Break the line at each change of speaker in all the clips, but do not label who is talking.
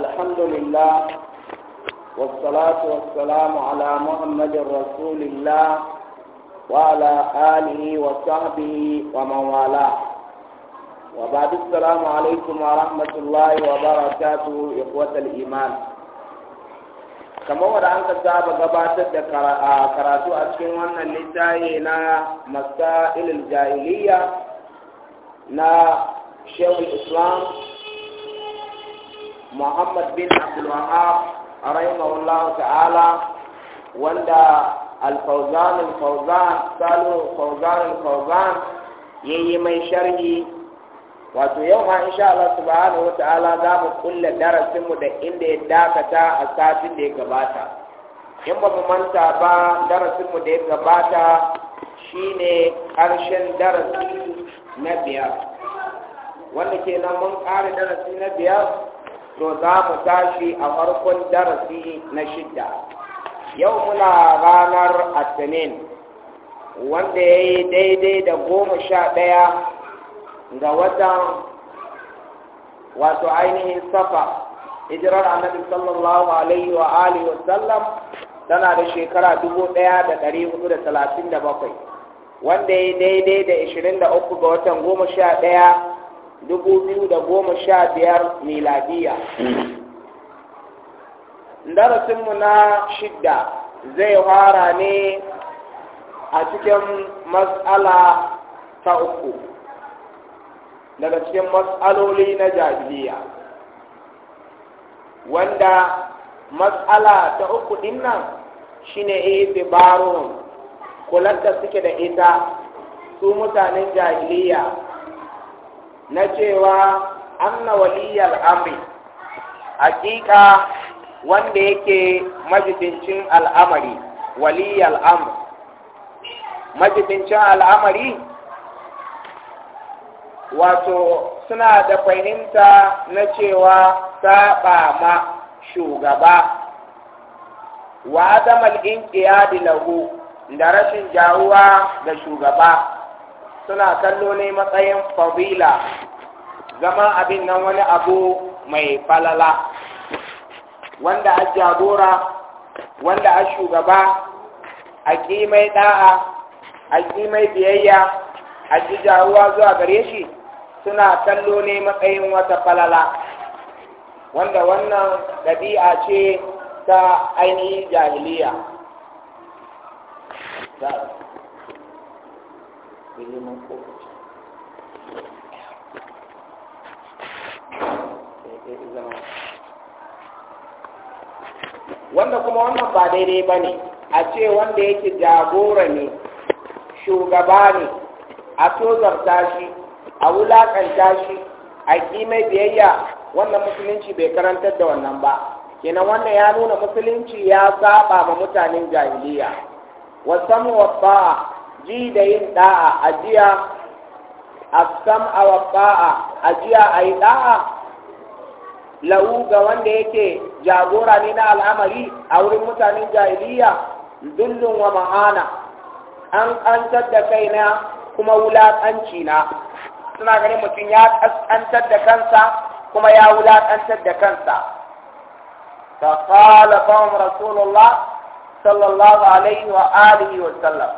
الحمد لله والصلاة والسلام على محمد رسول الله وعلى آله وصحبه ومن والاه وبعد السلام عليكم ورحمة الله وبركاته إخوة الإيمان كما ورد an ka saba gabatar da karatu a cikin wannan littafi na الإسلام muhammad bin abdul a rahimahullahu ta'ala wanda alfauzan alfauzan ya yi mai sharhi wato yau ma insha Allah subhanahu za mu kulle darasinmu da inda ya dakata a satin da ya gabata in ba mu manta ba darasinmu da ya gabata shine karshen darasi na biyar wanda kenan mun kare darasi na biyar to za mu tashi a farkon darasi na shidda yau muna ranar asinin wanda ya yi daidai da goma sha ɗaya ga watan wato ainihin safa hijirar annabi sallallahu alaihi wa alihi wa sallam tana da shekara dubu ɗaya da ɗari hudu da talatin da bakwai wanda ya yi daidai da ishirin da uku ga watan goma sha ɗaya dubu biyu da goma sha biyar miladiya darasinmu na shidda zai fara ne a cikin matsala ta uku daga cikin matsaloli na jahiliya wanda matsala ta uku din nan shine ifi baron da suke da ita su mutanen jahiliya na cewa anna waliyal amri hakika wanda yake majibincin al'amari waliyal amr majibincin al'amari wato suna da fahimta na cewa saba ma shugaba wa adamal inqiyadi lahu da rashin jawuwa ga shugaba suna kallo ne matsayin fabila, zama abin nan wani abu mai falala wanda a jagora wanda a shugaba a mai da'a a mai biyayya a ji jaruwa zuwa gare shi suna kallo ne matsayin wata falala wanda wannan ɗabi'a ce ta ainihin jahiliya kó wanda kuma wannan ba daidai ba ne a ce wanda yake jagora ne shugaba ne a tozarta shi a wulaƙanta shi a mai biyayya wannan musulunci bai karantar da wannan ba kenan wannan ya nuna musulunci ya saba ma mutanen jahiliya wasan wasa ji da yin da'a ajiya asam awa ajiya a yi da'a lau ga wanda yake jagora ne na al'amari a wurin mutanen jahiliya dullun wa ma'ana an kantar da kaina kuma wulaƙanci na suna ganin mutum ya kaskantar da kansa kuma ya wulaƙantar da kansa فقال قوم رسول الله صلى الله عليه وآله وسلم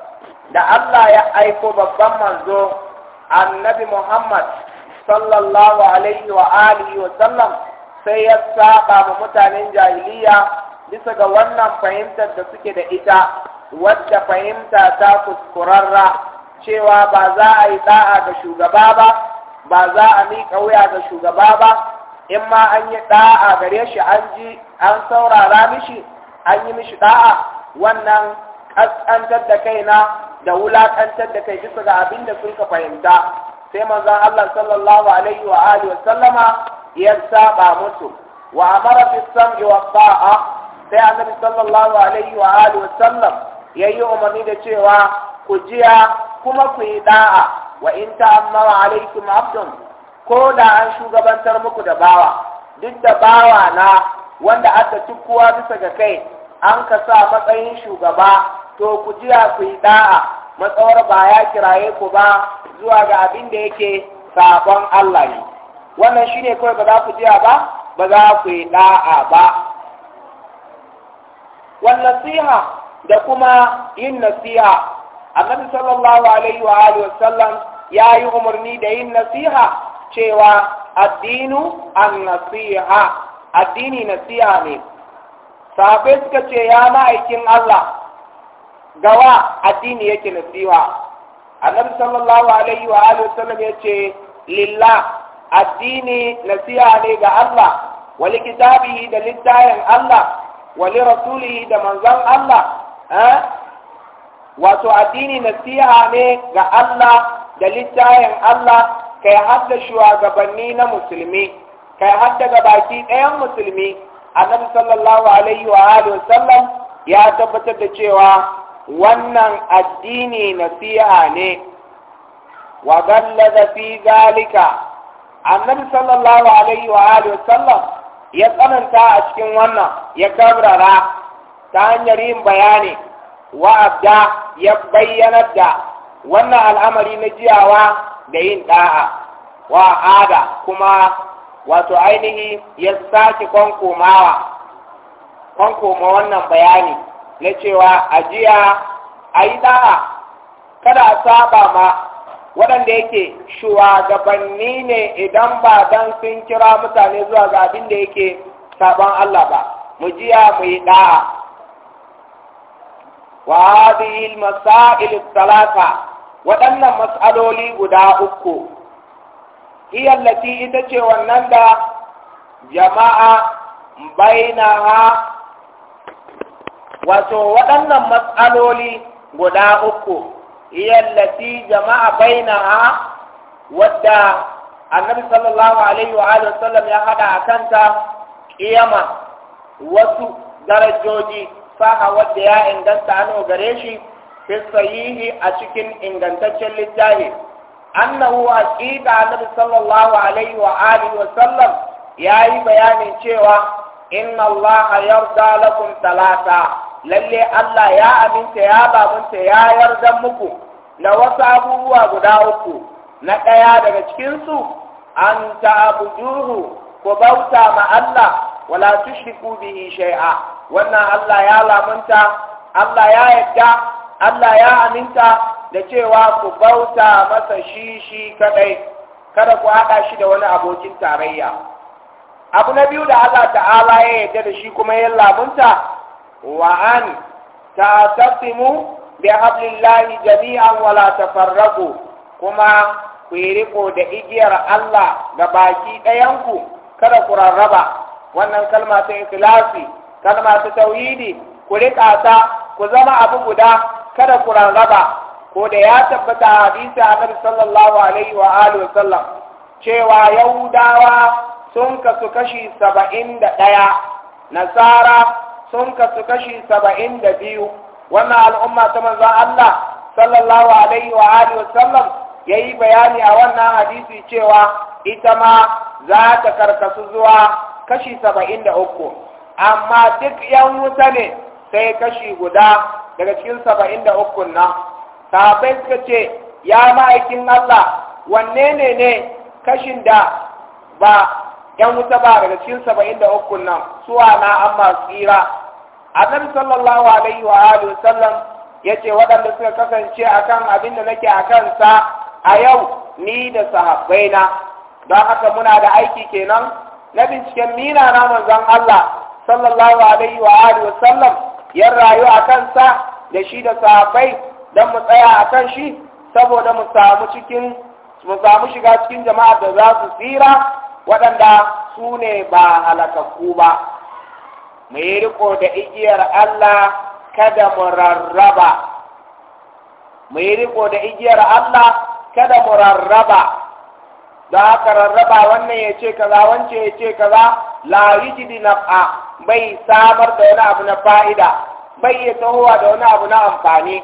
da Allah ya aiko babban manzo annabi Muhammad sallallahu alaihi wa alihi wa sallam sai ya saba ma mutanen jahiliya bisa ga wannan fahimtar da suke da ita wadda fahimta ta kuskurarra cewa ba za a yi da'a ga shugaba ba ba za a miƙa wuya ga shugaba ba in ma an yi da'a gare shi an ji an saurara mishi an yi mishi da'a wannan kaskantar da kaina da wulakantar da kai bisa ga abin da sun ka fahimta sai manzon Allah sallallahu alaihi wa alihi wa sallama ya saba musu wa amara bis sam'i wa ta'a sai annabi sallallahu alaihi wa alihi wa sallam yayi umarni da cewa ku jiya kuma ku yi da'a wa in ta'ammara alaikum abdun ko da an shugabantar muku da bawa duk da bawa na wanda aka tukkuwa bisa ga kai an ka sa matsayin shugaba to ku jira ku yi da'a matsawar ba ya kiraye ku ba zuwa ga abin da yake sabon Allah ne wannan shine kawai ba za ku jira ba ba za ku yi da'a ba wannan nasiha da kuma yin nasiha annabi sallallahu alaihi wa alihi sallam ya yi umarni da yin nasiha cewa addinu an nasiha addini nasiha ne sahabai suka ce ya ma'aikin Allah gawa addini yake nasiwa annabi sallallahu alaihi wa alihi wasallam yace lillah addini nasiha ne ga Allah wa li kitabihi da littayin Allah wa li rasulihi da manzon Allah eh wato addini nasiha ne ga Allah da littayin Allah kai hadda shugabanni na musulmi kai hadda ga baki ɗayan musulmi annabi sallallahu alaihi wa alihi wasallam ya tabbatar da cewa wannan addini nasiha ne wa gallaza fi zalika annabi sallallahu alaihi wa alihi wasallam ya tsananta a cikin wannan ya kabrara ta hanyar yin bayani wa abda ya bayyanar da wannan al'amari na jiyawa da yin da'a wa ada kuma wato ainihi ya sake kwankomawa kwankoma wannan bayani na cewa ajiya a yi da'a kada a saba ma waɗanda yake shugabanni ne idan ba dan sun kira mutane zuwa ga abin da yake saban Allah ba mu jiya mu yi da'a wa hadhihi masail thalatha waɗannan mas'aloli guda uku hiya allati ita ce wannan da jama'a bainaha wato waɗannan matsaloli guda uku iyallati jama'a bainaha wadda annabi sallallahu alaihi wa alihi ya hada a kanta kiyama wasu darajoji saha wadda ya inganta an gare shi fi sahihi a cikin ingantaccen littafi annahu aqida annabi sallallahu alaihi wa alihi yayi bayanin cewa inna allaha yarda lakum talata lalle Allah ya aminta ya babunta ya yarda muku na wasu abubuwa guda uku na ɗaya daga cikinsu an ta'buduhu ku bauta ma Allah wala tushriku bihi shay'a wannan Allah ya lamunta Allah ya yadda Allah ya aminta da cewa ku bauta masa shi shi kadai kada ku haɗa shi da wani abokin tarayya abu na biyu da Allah ta'ala ya yadda da shi kuma ya lamunta وأن تعتصموا بحبل الله جميعا ولا تفرقوا كما كيرقوا دئجير الله غباكي ديانكو كذا قرربا wannan kalma ta ikhlasi kalma ta tauhidi ku rika ta ku zama abu guda kada ku rarraba ko da ya tabbata a hadisi sallallahu alaihi wa alihi wa sallam cewa yahudawa sun kasu kashi saba'in da ɗaya nasara sun kasu kashi saba'in da biyu wannan al'umma ta manzon Allah sallallahu alaihi wa alihi wasallam ya yi bayani a wannan hadisi cewa ita ma za ta karkasu zuwa kashi saba'in da uku amma duk yan wuta ne sai kashi guda daga cikin saba'in da uku nan sabai suka ce ya ma'aikin Allah wanne ne ne kashin da ba yan wuta ba daga cikin saba'in da uku nan suwa na an masu tsira annabi sallallahu alaihi wa alihi sallam yace waɗanda suka kasance akan abin da nake akan sa a yau ni da sahabbaina don haka muna da aiki kenan na binciken mina na manzon Allah sallallahu alaihi wa alihi sallam ya rayu akan sa da shi da sahabbai don mu tsaya akan shi saboda mu samu cikin mu samu shiga cikin jama'a da za su tsira waɗanda su ne ba halakakku ba mu yi riko da igiyar Allah kada mu rarraba mu yi riko da igiyar Allah kada mu rarraba da rarraba wannan ya ce kaza wancan ya ce kaza la yujidi naf'a bai samar da wani abu na fa'ida bai ya tahowa da wani abu na amfani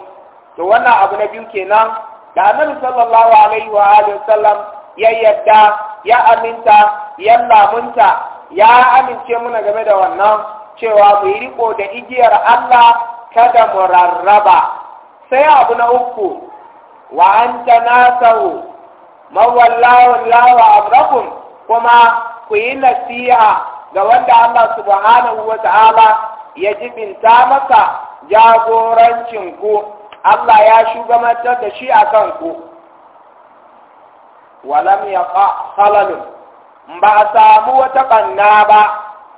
to wannan abu na biyu kenan da annabi sallallahu alaihi wa alihi wasallam ya yadda ya aminta ya lamunta ya amince muna game da wannan cewa bai yi riko da igiyar Allah kada mu rarraba sai abu na uku wa an tanasahu mawallawa lawa abrakun kuma ku yi nasiha ga wanda Allah subhanahu wa ta'ala ya jibinta maka jagorancin ku Allah ya shugabantar da shi a kanku walam ya ba a samu wata ɓanna ba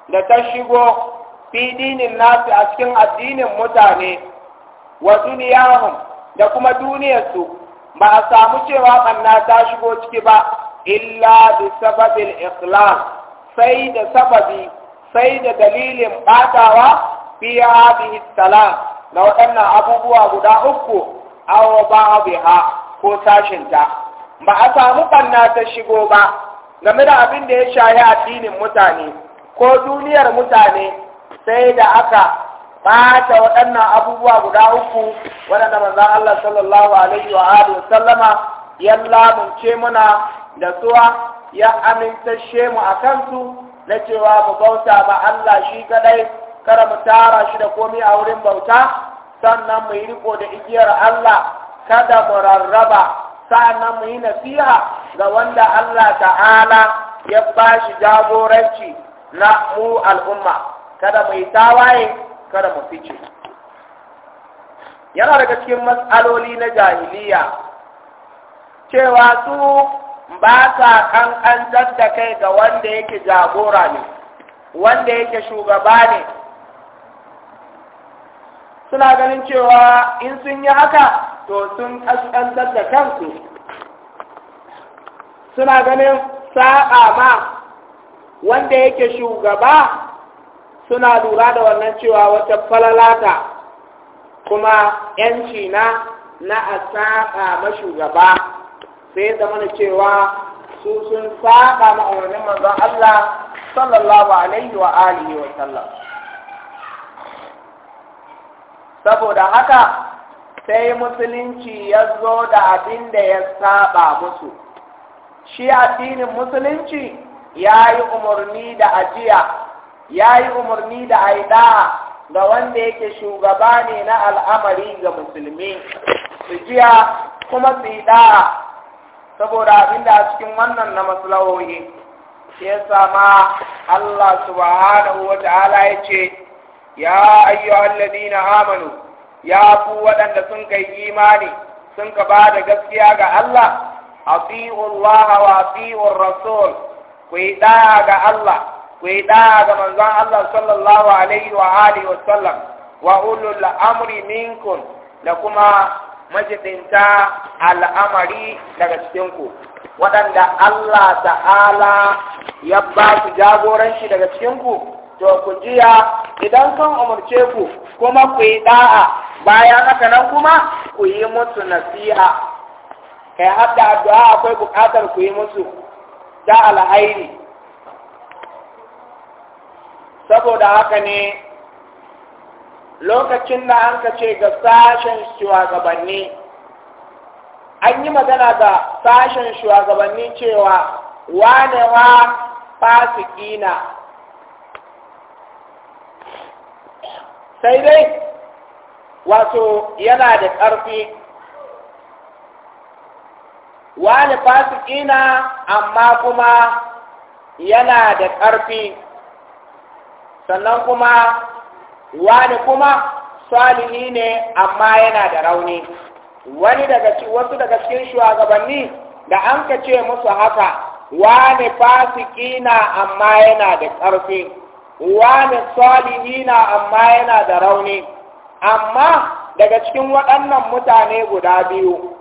da ta shigo fi dinin nasu a cikin addinin mutane wa duniyahum da kuma duniyarsu ba a samu cewa ɓanna ta shigo ciki ba illa bi sababil ikhlas sai da sababi sai da dalilin ɓatawa fi hadhihi salam na waɗannan abubuwa guda uku aw ba'dha ko sashin ba a samu ɓanna ta shigo ba game da abin da ya shahi addinin mutane ko duniyar mutane sai da aka bata waɗannan abubuwa guda uku waɗanda manzan Allah sallallahu alaihi wa alihi sallama ya lamunce muna da suwa ya amintashe mu a kansu na cewa mu bauta ba Allah shi kadai kada mu tara shi da komai a wurin bauta sannan mu yi riko da igiyar Allah kada mu rarraba sannan mu yi nasiha ga wanda Allah ta'ala ya bashi jagoranci na mu al'umma kada mu yi tawaye kada mu fice yana daga cikin matsaloli na jahiliya cewa su ba sa kankantar da kai ga wanda yake jagora ne wanda yake shugaba ne suna ganin cewa in sun yi haka to sun kaskantar da kansu suna ganin sa'a ma wanda yake shugaba suna lura da wannan cewa wata falalata kuma yanci na na a saƙa mashugaba sai ya zama cewa su sun saƙa ma'aunin manzon Allah sallallahu alaihi wa alihi wa sallam saboda haka sai musulunci ya zo da abin da ya saba musu shi addinin musulunci ya yi umarni da ajiya ya yi umarni da aida ga wanda yake shugaba ne na al'amari ga musulmi su jiya kuma su yi ɗaya, saboda abinda a cikin wannan na maslahohi ya sama Allah subhanahu wa ta'ala ya ce
ya ayyuhal
ladina amanu ya ku waɗanda sun kai imani sun ka ba da gaskiya ga Allah A Allah wa ati'u rasul ku yi ɗaya ga Allah ku yi ɗa'a ga manzon Allah sallallahu alaihi wa alihi wa sallam wa ulul amri minkum da kuma majidinta al'amari daga cikin ku waɗanda Allah ta'ala ya ba su jagoranci daga cikin ku to ku jiya idan sun umarce ku kuma ku yi da'a bayan haka nan kuma ku yi musu nasiha kai hadda addu'a akwai buƙatar ku yi musu da alhairi saboda haka ne lokacin da an kace ga sashen shugabanni an yi magana ga sashen shugabanni cewa wane wa fasikina sai dai wato yana da ƙarfi wani fasikina amma kuma yana da ƙarfi sannan kuma wani kuma salihi ne amma yana da rauni wani daga wasu daga cikin shugabanni da an ka ce musu haka wani fasiki na amma yana da ƙarfi wani salihi na amma yana da rauni amma daga cikin waɗannan mutane guda biyu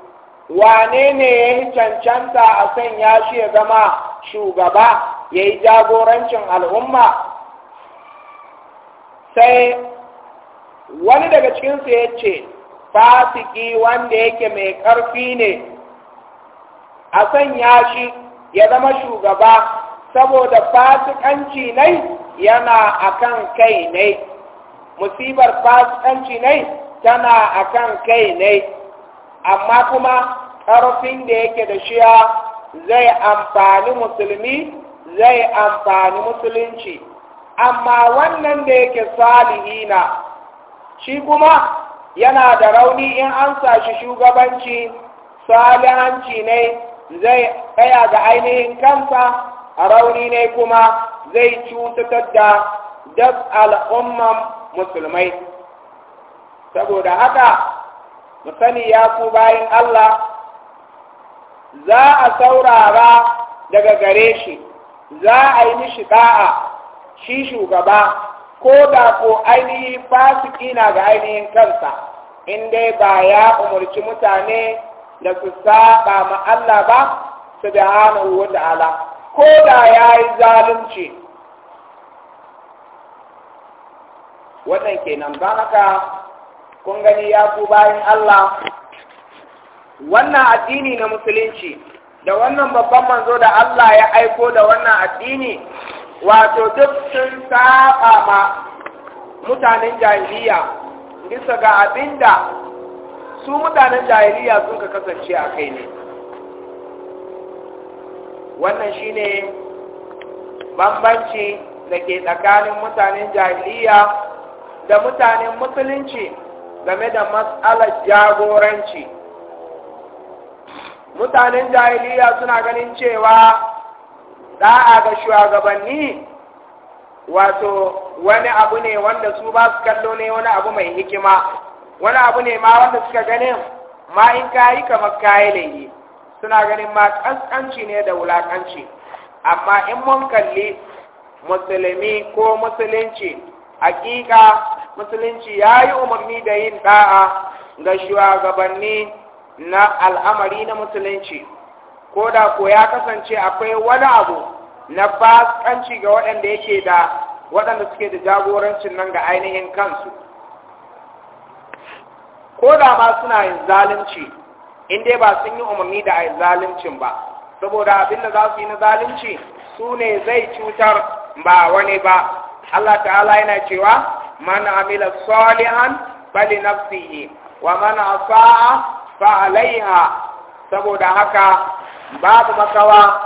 wane ne ya yi cancanta a sanya shi ya zama shugaba ya yi jagorancin al'umma sai wani daga cikinsu ya ce fasiki wanda yake mai ƙarfi ne a sanya shi ya zama shugaba saboda fasikanci ne yana a kan kai ne musibar fasikanci ne tana a kan kai ne amma kuma ƙarfin da yake da shiya zai amfani musulmi zai amfani musulunci amma wannan da yake salihina shi kuma yana da rauni in an sashi shugabanci salihanci ne zai tsaya ga ainihin kansa rauni ne kuma zai cutatar da duk al'umman musulmai saboda haka musani ya ku bayan Allah za a saurara daga gare shi za a yi mishi da'a shi shugaba ko da ko ainihin fasiki na ga ainihin kansa in dai ba ya umarci mutane da su saba ma Allah ba su subhanahu wa ta'ala ko da ya yi zalunci wannan kenan ba haka kun gani ya ku bayan Allah wannan addini na musulunci da wannan babban manzo da Allah ya aiko da wannan addini wato duk sun saba ma mutanen jahiliya bisa ga abinda su mutanen jahiliya sun ka kasance a kai ne wannan shine bambanci da ke tsakanin mutanen jahiliya da mutanen musulunci game da matsalar jagoranci mutanen jahiliya suna ganin cewa a ga shugabanni wato wani abu ne wanda su ba su kallo ne wani abu mai hikima wani abu ne ma wanda suka ganin ma in kayi kamar kayi laifi suna ganin ma kaskanci ne da wulakanci amma in mun kalli musulmi ko musulunci hakika musulunci ya yi umarni da yin da'a ga shugabanni na al'amari na musulunci ko da ko ya kasance akwai wani abu na fasikanci ga waɗanda yake da waɗanda suke da jagorancin nan ga ainihin kansu ko da ma suna yin zalunci inda ba sun yi umarni da a zaluncin ba saboda abin da za su yi na zalunci su ne zai cutar ba wani ba Allah ta'ala yana cewa man amila salihan bali nafsihi wa man asaa fa alaiha saboda haka babu makawa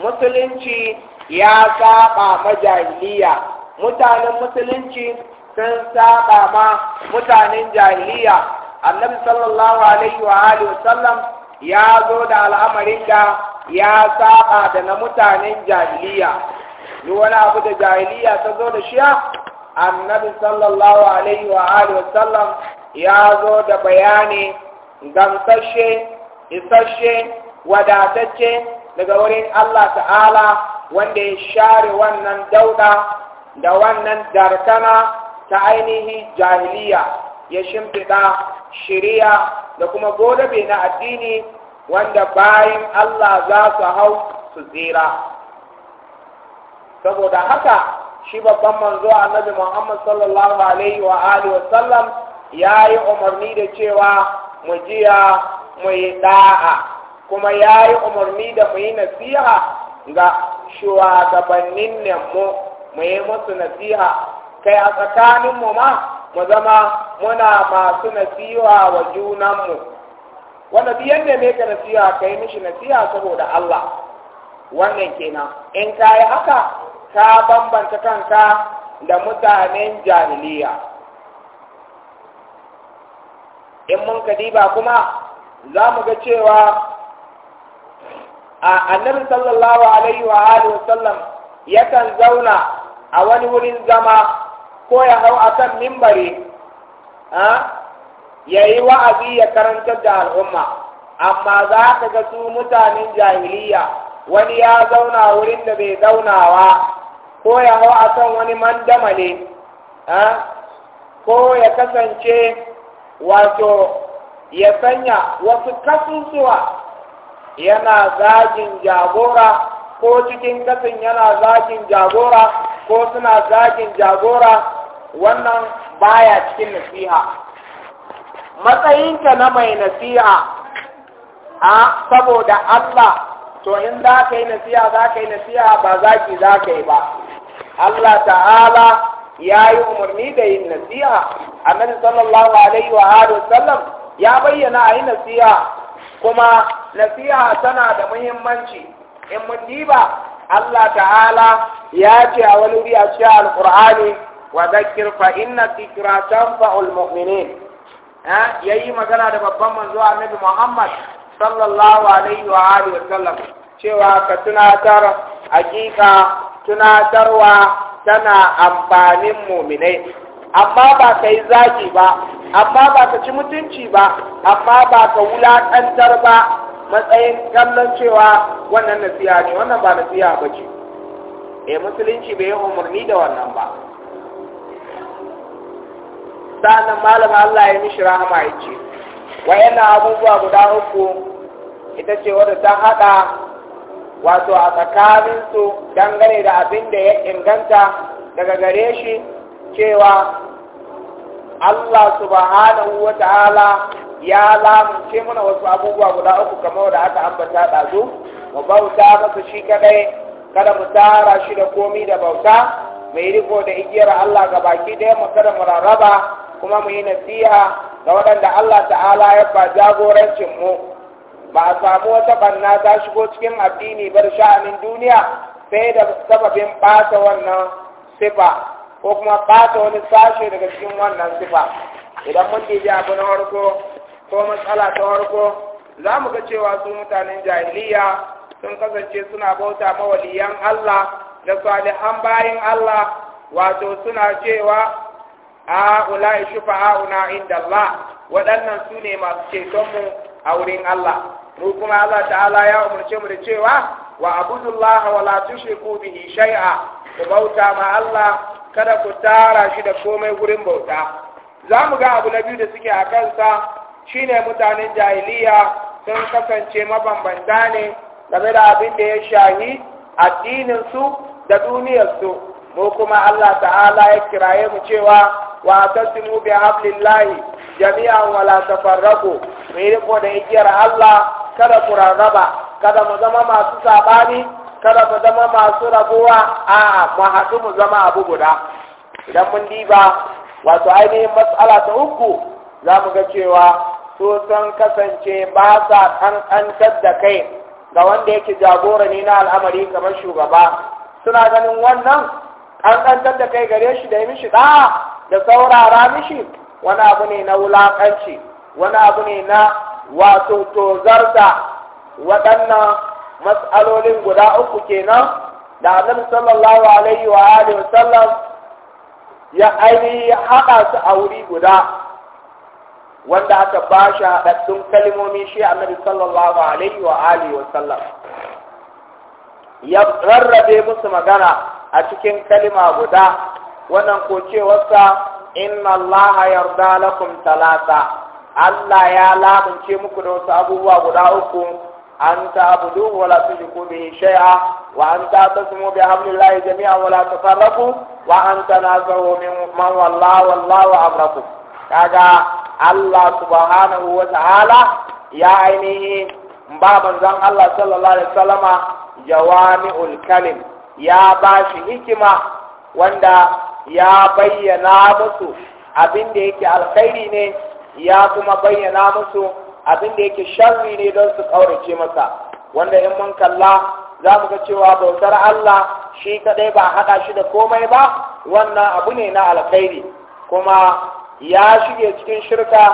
musulunci ya saba majahiliya mutanen musulunci sun saba ma mutanen jahiliya annabi sallallahu alaihi wa alihi wasallam ya zo da al'amarin da ya saba da na mutanen jahiliya Ni wani abu da jahiliya ta zo da shiya annabi sallallahu alaihi wa alihi wasallam ya zo da bayani gamsashe isasshe wadatacce daga wurin Allah ta'ala wanda ya share wannan dauda da wannan darkana ta ainihi jahiliya ya shimfiɗa shiriya da kuma godabe na addini wanda bayan Allah za su hau su tsira saboda haka shi babban manzo annabi Muhammad sallallahu alaihi wa alihi wa sallam yayi umarni da cewa mu jiya mu yi da'a kuma ya yi umarni da mu yi nasiha ga shugabannin mu mu yi musu nasiha kai a tsakanin mu ma mu zama muna masu nasiha wa junanmu wanda biyan ne mai ka nasiha ka yi mishi nasiha saboda Allah wannan kenan in ka yi haka ka bambanta kanka da mutanen jahiliya in mun diba kuma za mu ga cewa a annabi sallallahu alaihi wa alihi wa sallam yakan zauna a wani wurin zama ko ya hau akan mimbari ya yi wa'azi ya karantar da al'umma amma za ka ga su mutanen jahiliya wani ya zauna wurin da bai zaunawa ko ya hau akan wani mandamale ko ya kasance wato ya sanya wasu kasusuwa yana zagin jagora ko cikin kasin yana zagin jagora ko suna zagin jagora wannan baya cikin nasiha matsayinka na mai nasiha a saboda Allah to in za ka yi nasiha za ka yi nasiha ba zaki za ka yi ba Allah ta'ala ya yi umarni da yin nasiha annabi sallallahu alaihi wa sallam ya bayyana a yi nasiha kuma nasiha tana da muhimmanci in mutiba Allah ta'ala ya ce a wani wuri a cikin alkur'ani wa zakir fa inna zikra tanfa'ul mu'minin ha yayi magana da babban manzo Annabi Muhammad sallallahu alaihi wa alihi wa cewa ka tunatar hakika tunatarwa tana amfanin mu'minai amma ba kai zaki ba amma ba ka ci mutunci ba amma ba ka wulaƙantar ba matsayin kallon cewa wannan nasiya ne wannan ba nasiya ba ce E, musulunci bai yi umarni da wannan ba Sannan malama Allah ya mishi rahama ya ce yana abubuwa guda uku ita ce wadda ta haɗa wato a tsakaninsu dangane da abin da ya inganta daga gare shi cewa Allah subhanahu wa ta'ala ya lamunce mana wasu abubuwa guda uku kamar da aka ambata ɗazu mu bauta masa shi kadai kada mu tara shi da komi da bauta mai riko da igiyar Allah ga baki da mu kada mu rarraba kuma mu yi nasiha ga waɗanda Allah ta'ala ya ba jagorancin mu ba a samu wata banna ta shigo cikin addini bar sha'anin duniya sai da sababin ɓata wannan sifa ko kuma ɓata wani sashe daga cikin wannan sifa idan mun ji abu na farko ko matsala ta farko za mu ga cewa su mutanen jahiliya sun kasance suna bauta mawaliyan Allah da salihan bayin Allah wato suna cewa a ulai una inda Allah waɗannan su ne masu cetonmu a wurin Allah mu kuma Allah ta'ala ya umarce mu da cewa wa abudullaha wa la tushriku bihi shay'a ku bauta ma Allah kada ku tara shi da komai wurin bauta za mu ga abu na biyu da suke a kansa shine mutanen jahiliya sun kasance mabambanta ne game da abin da ya shahi addininsu da duniyarsu mu kuma Allah ta'ala ya kiraye mu cewa wa tasimu bi hablillahi jami'an wa la tafarraqu mu yi riko da igiyar Allah kada ku rarraba kada mu zama masu sabani kada mu zama masu rabuwa a'a mu haɗu mu zama abu guda idan mun diba wato ainihin matsala ta uku za mu ga cewa su san kasance ba sa ƙanƙantar da kai ga wanda yake jagora ne na al'amari kamar shugaba suna ganin wannan ƙanƙantar da kai gare shi da yi mishi da da saurara mishi wani abu ne na wulaƙanci. wani abu ne na wato tozarta waɗannan matsalolin guda uku kenan da annabi sallallahu alaihi wa alihi ya ainihi haɗa su a wuri guda wanda aka ba shi haɗaɗɗun kalimomi shi a annabi sallallahu alaihi wa alihi wa sallam ya rarrabe musu magana a cikin kalima guda wannan ko cewarsa inna allaha yarda lakum talata Allah ya labince muku da wasu abubuwa guda uku an ta'budu wa su tushriku bihi shay'a wa an ta'tasimu bi hablillahi jami'an wa la tafarraqu wa an tanazahu min man wallahu wallahu amrakum kaga Allah subhanahu wa ta'ala ya ainihi ba zan Allah sallallahu alaihi wasallama jawami'ul kalim ya ba shi hikima wanda ya bayyana musu abin da yake alkhairi ne ya kuma bayyana musu abin da yake sharri ne don su ƙaurace masa wanda in mun kalla za mu ga cewa bautar Allah shi kadai ba haɗa shi da komai ba wannan abu ne na alkhairi kuma ya shige cikin shirka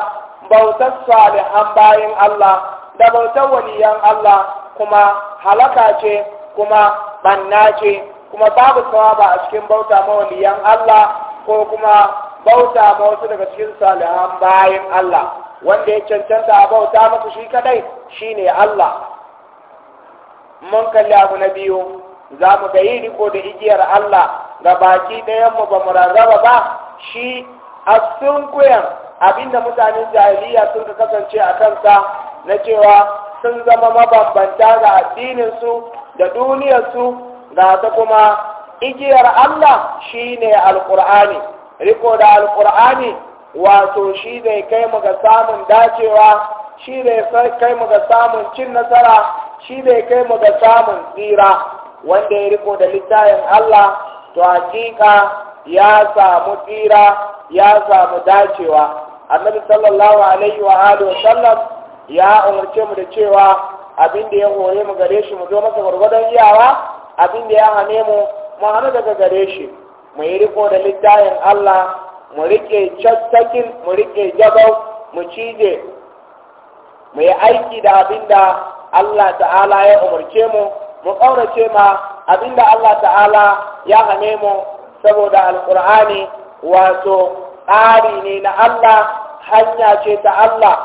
bautar salihan bayin Allah da bautar waliyan Allah kuma halaka ce kuma banna ce kuma babu sawaba a cikin bauta ma Allah ko kuma bauta ma wasu daga cikin salihan bayan Allah wanda ya cancanta a bauta masu shi kadai ne Allah mun kalli abu na biyu za mu ga yi riko da igiyar Allah ga baki ɗayan mu ba mu rarraba ba shi A sun sunkuyan abinda mutanen jahiliya sun ka kasance a kansa na cewa sun zama mabambanta ga addininsu da duniyarsu ga ta kuma igiyar Allah shine alqur'ani riko da alqur'ani wato shi zai kai mu ga samun dacewa shi zai kai mu ga samun cin nasara shi zai kai mu ga samun tsira wanda ya riko da littafin Allah to hakika ya samu tsira ya samu dacewa annabi sallallahu alaihi wa alihi wa sallam ya umarce mu da cewa abinda ya hore mu gare shi mu zo masa gurgurdan iyawa abin da ya hane mu mu hana daga gare shi mu yi riko da littafin Allah mu rike cattakin mu rike jabau mu cije mu yi aiki da abinda da Allah ta'ala ya umarce mu mu kaurace ma abin Allah ta'ala ya hane mu saboda alkur'ani wato tsari ne na Allah hanya ce ta Allah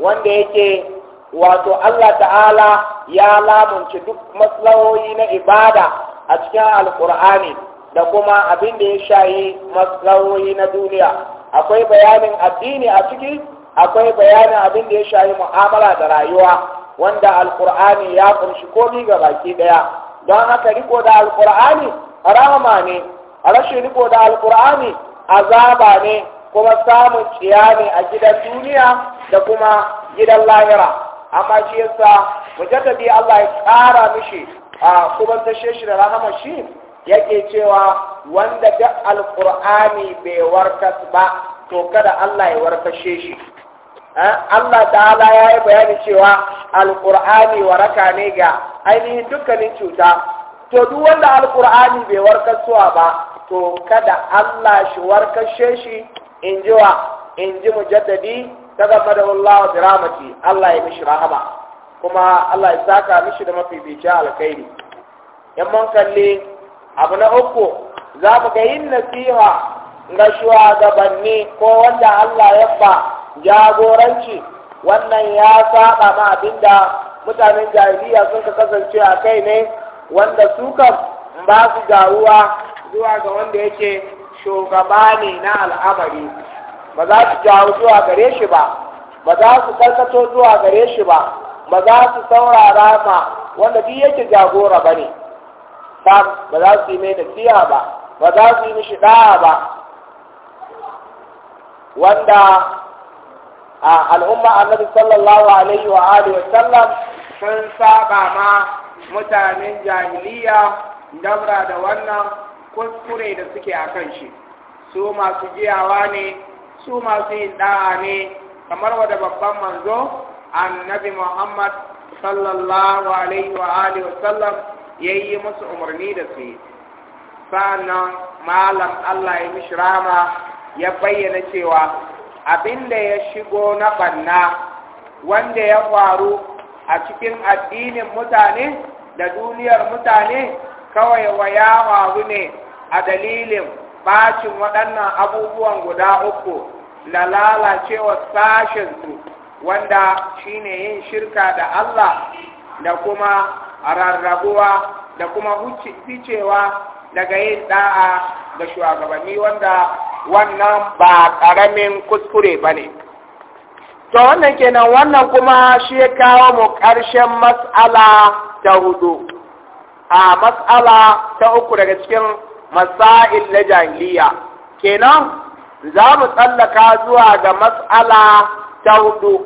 wanda yake wato Allah ta'ala ya lamunci duk maslahoyi na ibada a cikin alkur'ani da kuma abin da ya shayi maslahoyi na duniya akwai bayanin addini a ciki akwai bayanin abin da ya shayi mu'amala da rayuwa wanda alkur'ani ya kunshi komi ga baki ɗaya? don haka riko da alkur'ani rahama ne rashin riko da alkur'ani azaba ne kuma samun tsiya ne a gidan duniya da kuma gidan lahira amma shi yasa mujaddadi Allah ya kara mishi a kuma ta sheshi da rahama shi yake cewa wanda da alkur'ani bai warkas ba to kada Allah ya warkashe shi Allah ta'ala ya yi bayani cewa alkur'ani waraka ne ga ainihin dukkanin cuta to duk wanda alkur'ani bai suwa ba to kada Allah shi warkar shi in ji wa in ji mujaddadi ta gaba da Allah da Allah ya mishi rahama kuma Allah ya saka mishi da bice alkhairi yan mun kalli abu na uku za mu ga yin nasiha ga shugabanni ko wanda Allah ya fa jagoranci wannan ya saba ma abinda mutanen jahiliya sun ka kasance a kai ne wanda su kan ba su garuwa zuwa ga wanda yake shugaba ne na al'amari ba za su jawo zuwa gare shi ba ba za su karkato zuwa gare shi ba ba za su saurara ma wanda duk yake jagora ba ne sam ba za su yi mai nasiha ba ba za su yi mishi ɗaya ba wanda
a al'umma annabi sallallahu alaihi wa alihi wa
sallam sun saba ma mutanen jahiliya dabra da wannan kuskure da suke a kan shi su masu jiyawa ne su masu yin da'a ne kamar wada babban manzo annabi muhammad sallallahu alaihi wa alihi wa sallam ya musu umarni da su yi sa'annan malam allah ya mishi rama ya bayyana cewa abinda ya shigo na banna wanda ya faru a cikin addinin mutane da duniyar mutane kawai waru ne a dalilin bacin waɗannan abubuwan guda uku da lalacewa sashensu wanda shine yin shirka da Allah da kuma rarrabuwa da kuma ficewa daga yin da'a ga shugabanni wanda wannan ba ƙaramin kuskure ba ne. to wannan kenan wannan kuma shi ya kawo mu ƙarshen mas'ala ta hudu a mas'ala ta uku daga cikin masa'il na jahiliya kenan za mu tsallaka zuwa ga mas'ala ta hudu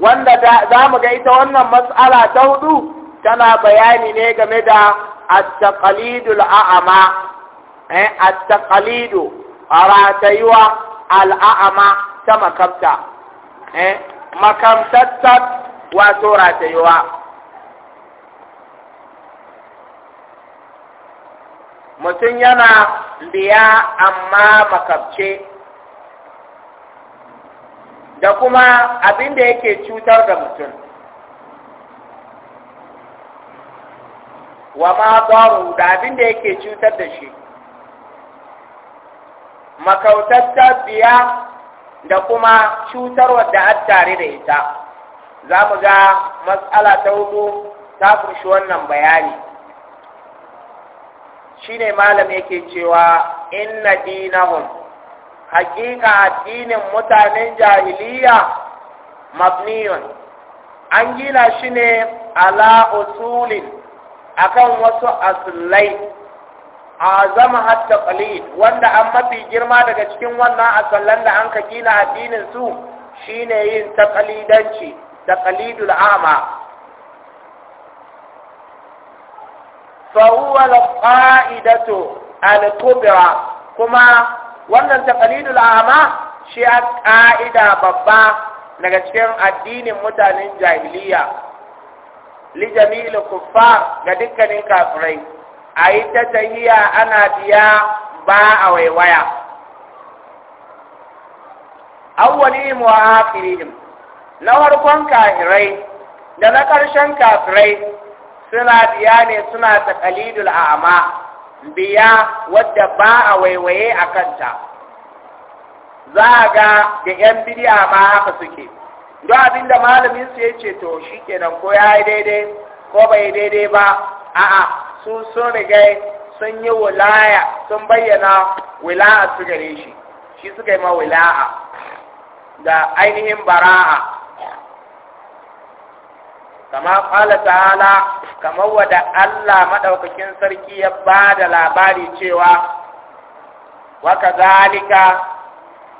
wanda za mu ga ita wannan mas'ala ta hudu tana bayani ne game da at-taqlidul a'ama eh at-taqlidu ratayuwa al ta makabta eh wa wato ratayuwa mutum yana biya amma makabce da kuma abin da yake cutar da mutum wa ma da abin da yake cutar da shi makautattar biya da kuma cutarwar da an tare da ita za mu ga matsala ta hudu ta kunshi wannan bayani shine malam yake cewa inna dinahum hakika addinin mutanen jahiliya mabniyun an gina shi ne ala usulin akan wasu asulai azama hatta qalil wanda an mafi girma daga cikin wannan asallan da an ka gina addinin su shine yin taqalidanci taqalidul ama fa huwa al-qa'idatu al-kubra kuma wannan taqalidul ama shi a ƙa'ida babba daga cikin addinin mutanen jahiliya li jami'il kuffar ga dukkanin kafirai a yi ta tahiya ana biya ba a waiwaya awwalihim wa akhirihim na farkon kahirai da na ƙarshen kafirai suna biya ne suna ta taqalidul a'ma biya wadda ba a waiwaye a kanta za a ga da 'yan bidiya ma haka suke Do abin da malamin su ya ce to shi kenan ko ya yi daidai ko bai yi daidai ba a'a su sun riga sun yi wilaya sun bayyana wila'a su gare shi shi suka yi ma wila'a da ainihin bara'a kama kala ta'ala kamar wadda Allah maɗaukakin sarki ya ba da labari cewa waka zalika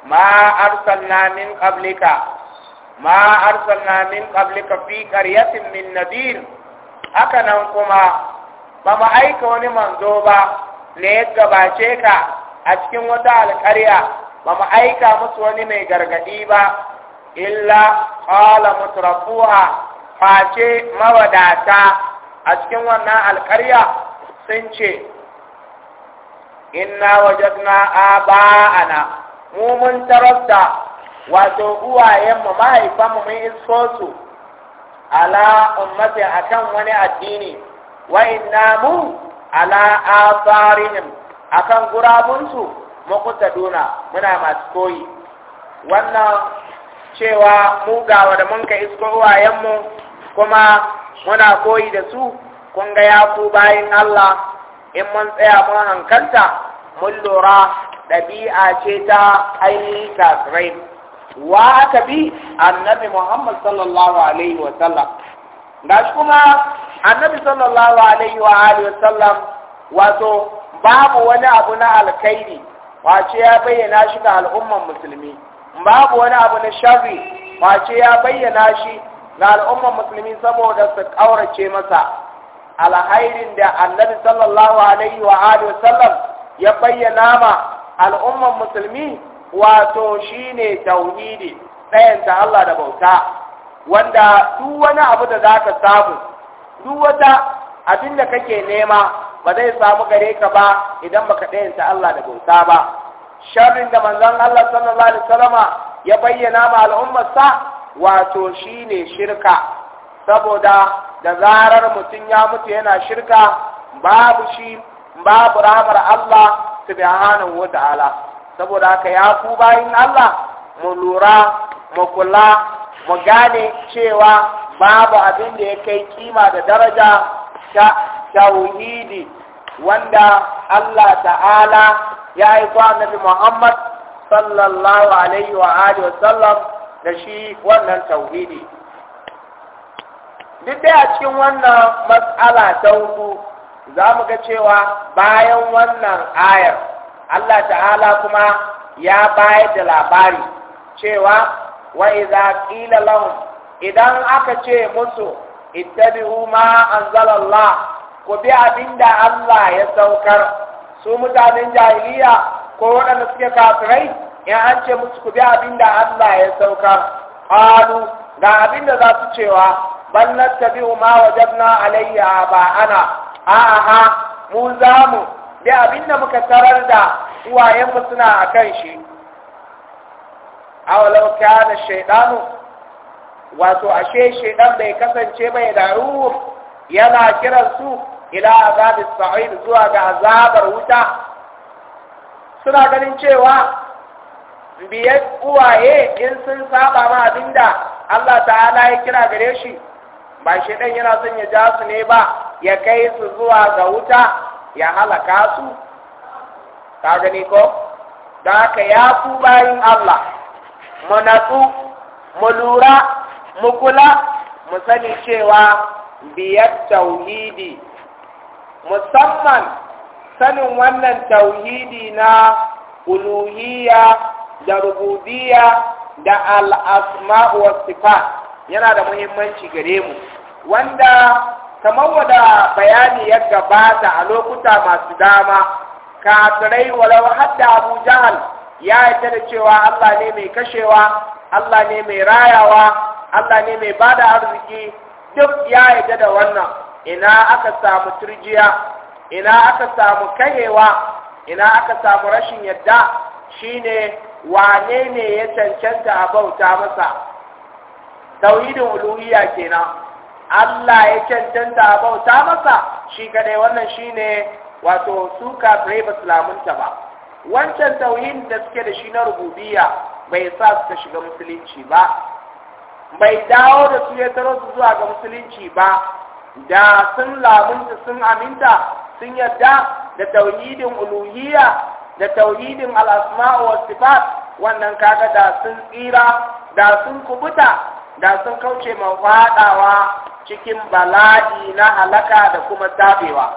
ma arsalna min ƙablika ma arsalna min ƙablika fi ƙaryatin min nadir haka nan kuma ba mu aika wani manzo ba ne ya gabace ka a cikin wata alƙarya ba mu aika musu wani mai gargadi ba illa qala mutrafuha face mawadata a cikin wannan alƙarya sun ce inna wajadna aba'ana mu mun tarasta wato uwayenmu mahaifanmu mun isko su ala ummati akan wani addini wa inna mu ala atharihim akan gurabunsu muqtaduna muna masu koyi wannan cewa mu ga wanda mun ka isko mu kuma muna koyi da su kun ga ya ku bayin Allah in mun tsaya mun hankalta mun lura ɗabi'a ce ta ainihin kafirai wa aka bi annabi Muhammad sallallahu alaihi wa sallam gashi kuma annabi sallallahu alaihi wa alihi wasallam wato babu wani abu na alkhairi wace ya bayyana shi ga al'umman musulmi babu wani abu na sharri wace ya bayyana shi ga al'umman musulmi saboda su kaurace masa alhairin da annabi sallallahu alaihi wa alihi wasallam ya bayyana ma al'umman musulmi wato shine tauhidi ɗayan ta Allah da bauta wanda duk wani abu da za ka samu duk wata abin da kake nema ba zai samu gare ka ba idan baka dayanta Allah da bauta ba sharrin da manzon Allah sallallahu alaihi wasallama ya bayyana ma al'ummarsa wato shi ne shirka saboda da zarar mutum ya mutu yana shirka babu shi babu ramar Allah subhanahu wa ta'ala saboda haka ya ku bayin Allah mu lura mu kula mu gane cewa babu abin da ya kai kima da daraja ta tauhidi wanda Allah ta'ala ya aiko annabi Muhammad sallallahu alaihi wa alihi sallam da shi wannan tauhidi duk da a cikin wannan matsala ta hudu za mu ga cewa bayan wannan ayar Allah ta'ala kuma ya bayar da labari cewa wa idza qila lahum idan aka ce musu ittabi'u ma anzalallah ku bi abinda Allah ya saukar su mutanen jahiliya ko waɗanda suke kafirai in an ce musu ku bi abinda Allah ya saukar qalu ga abinda za su cewa bal nattabi'u ma wajadna alayya ba ana ha mu zamu bi abinda muka tarar da uwayenmu suna a kan shi awalau kana shaydanu wato ashe shaydan bai kasance bai daru yana kiran su ila azabis sa'id zuwa ga azabar wuta suna ganin cewa biyar uwaye in sun saba ma abinda Allah ta'ala ya kira gare shi ba shaydan yana son ya ja su ne ba ya kai su zuwa ga wuta ya halaka su ka gani ko da aka ya ku bayin Allah mu natsu mu lura mu kula mu sani cewa biyar tauhidi musamman sanin wannan tauhidi na uluhiyya da rububiyya da al'asma wa yana da muhimmanci gare mu wanda kamar wada bayani ya gabata a lokuta masu dama kafirai walau hadda abu jahal ya yarda da cewa Allah ne mai kashewa Allah ne mai rayawa Allah ne mai ba da arziki duk ya yarda da wannan ina aka samu turjiya ina aka samu kayewa ina aka samu rashin yadda shine wane ne ya cancanta a bauta masa tauhidin uluhiyya kenan Allah ya cancanta a bauta masa shi kadai wannan shine wato su bai ba ba wancan tauhin da suke da shi na rububiya bai sa suka shiga musulunci ba bai dawo da su ya taro su zuwa ga musulunci ba da sun lamunta sun aminta sun yarda da tauhidin uluhiyya da tauhidin al'asma'u wa sifat wannan kaga da sun tsira da sun kubuta da sun kauce ma faɗawa cikin bala'i na halaka da kuma tabewa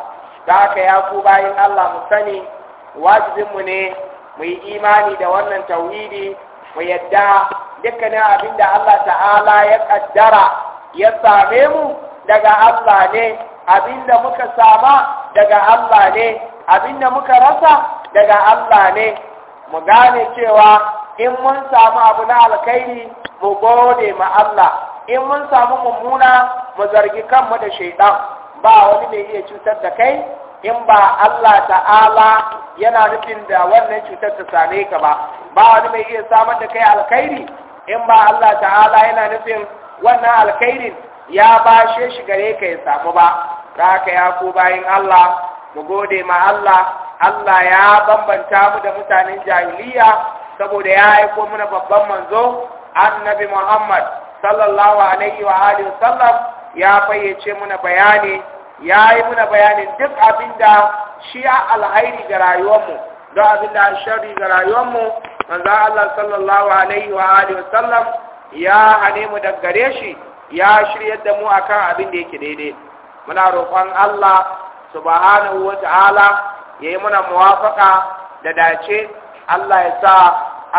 da haka ya ku bayan Allah mu sani mu ne mu yi imani da wannan tauhidi mu yadda dukkanin abin da Allah ta'ala ya kaddara ya same mu daga Allah ne abin da muka sama daga Allah ne abin da muka rasa daga Allah ne mu gane cewa in mun samu abu na alkhairi mu gode ma Allah in mun samu mummuna mu zargi kanmu da shaidan ba wani mai iya cutar da kai in ba Allah ta'ala yana nufin da wannan cutar ta same ka ba ba wani mai iya samar da kai alkhairi in ba Allah ta'ala yana nufin wannan alkhairin ya bashe shi gare ka ya samu ba za ka ya ku bayin Allah mu gode ma Allah Allah ya bambanta mu da mutanen jahiliya saboda ya aiko mana babban manzo annabi Muhammad sallallahu alaihi wa alihi sallam ya fayyace mana bayani ya yi muna bayanin duk abin da shi a alhairi ga rayuwarmu don abin da shari ga rayuwarmu manzo Allah sallallahu alaihi wa alihi wasallam ya hane mu daga gare shi ya shiryar da mu akan abin da yake daidai muna roƙon Allah subhanahu ta'ala ya yi muna muwafaka da dace Allah ya sa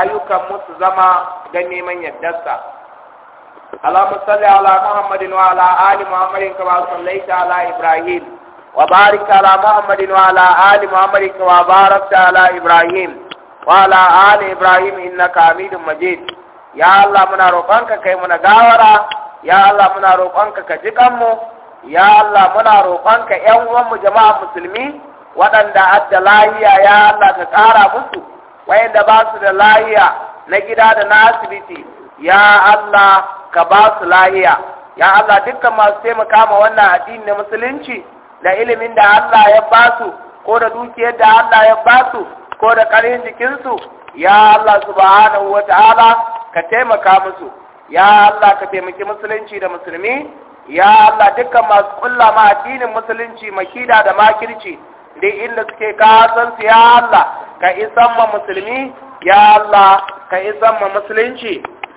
ayyukan mu su zama don neman yardarsa Alaama salli ala Muhammadin wa ala Ali Muhammadin ka baa sallu ala Ibrahim ala Ibrahim wa baarika ala Muhammadin wa ala Ali Muhammadin ka baa baarika ala Ibrahim wa ala Ali Ibrahim inna ka amidu majid. Yaa Allah muna rokonka ka kai muna gawara yaa Allah muna roƙon ka ka ji Allah muna roƙon ƴan uwan mu jama'a musulmi waɗanda a da lahiya ka ƙara musu wa inda su da lahiya na gida da na asibiti. Yaa Allah ka ba su lahiya ya Allah dukkan masu taimaka ma wannan addini na musulunci da ilimin da Allah ya ba su ko da dukiyar da Allah ya ba su ko da jikin jikinsu ya Allah subhanahu wa ta'ala ka taimaka musu ya Allah ka taimaki musulunci da musulmi ya Allah dukkan masu kulla ma addinin musulunci makida da makirci dai inda suke kasan su ya Allah ka isan ma musulmi ya Allah ka isan ma musulunci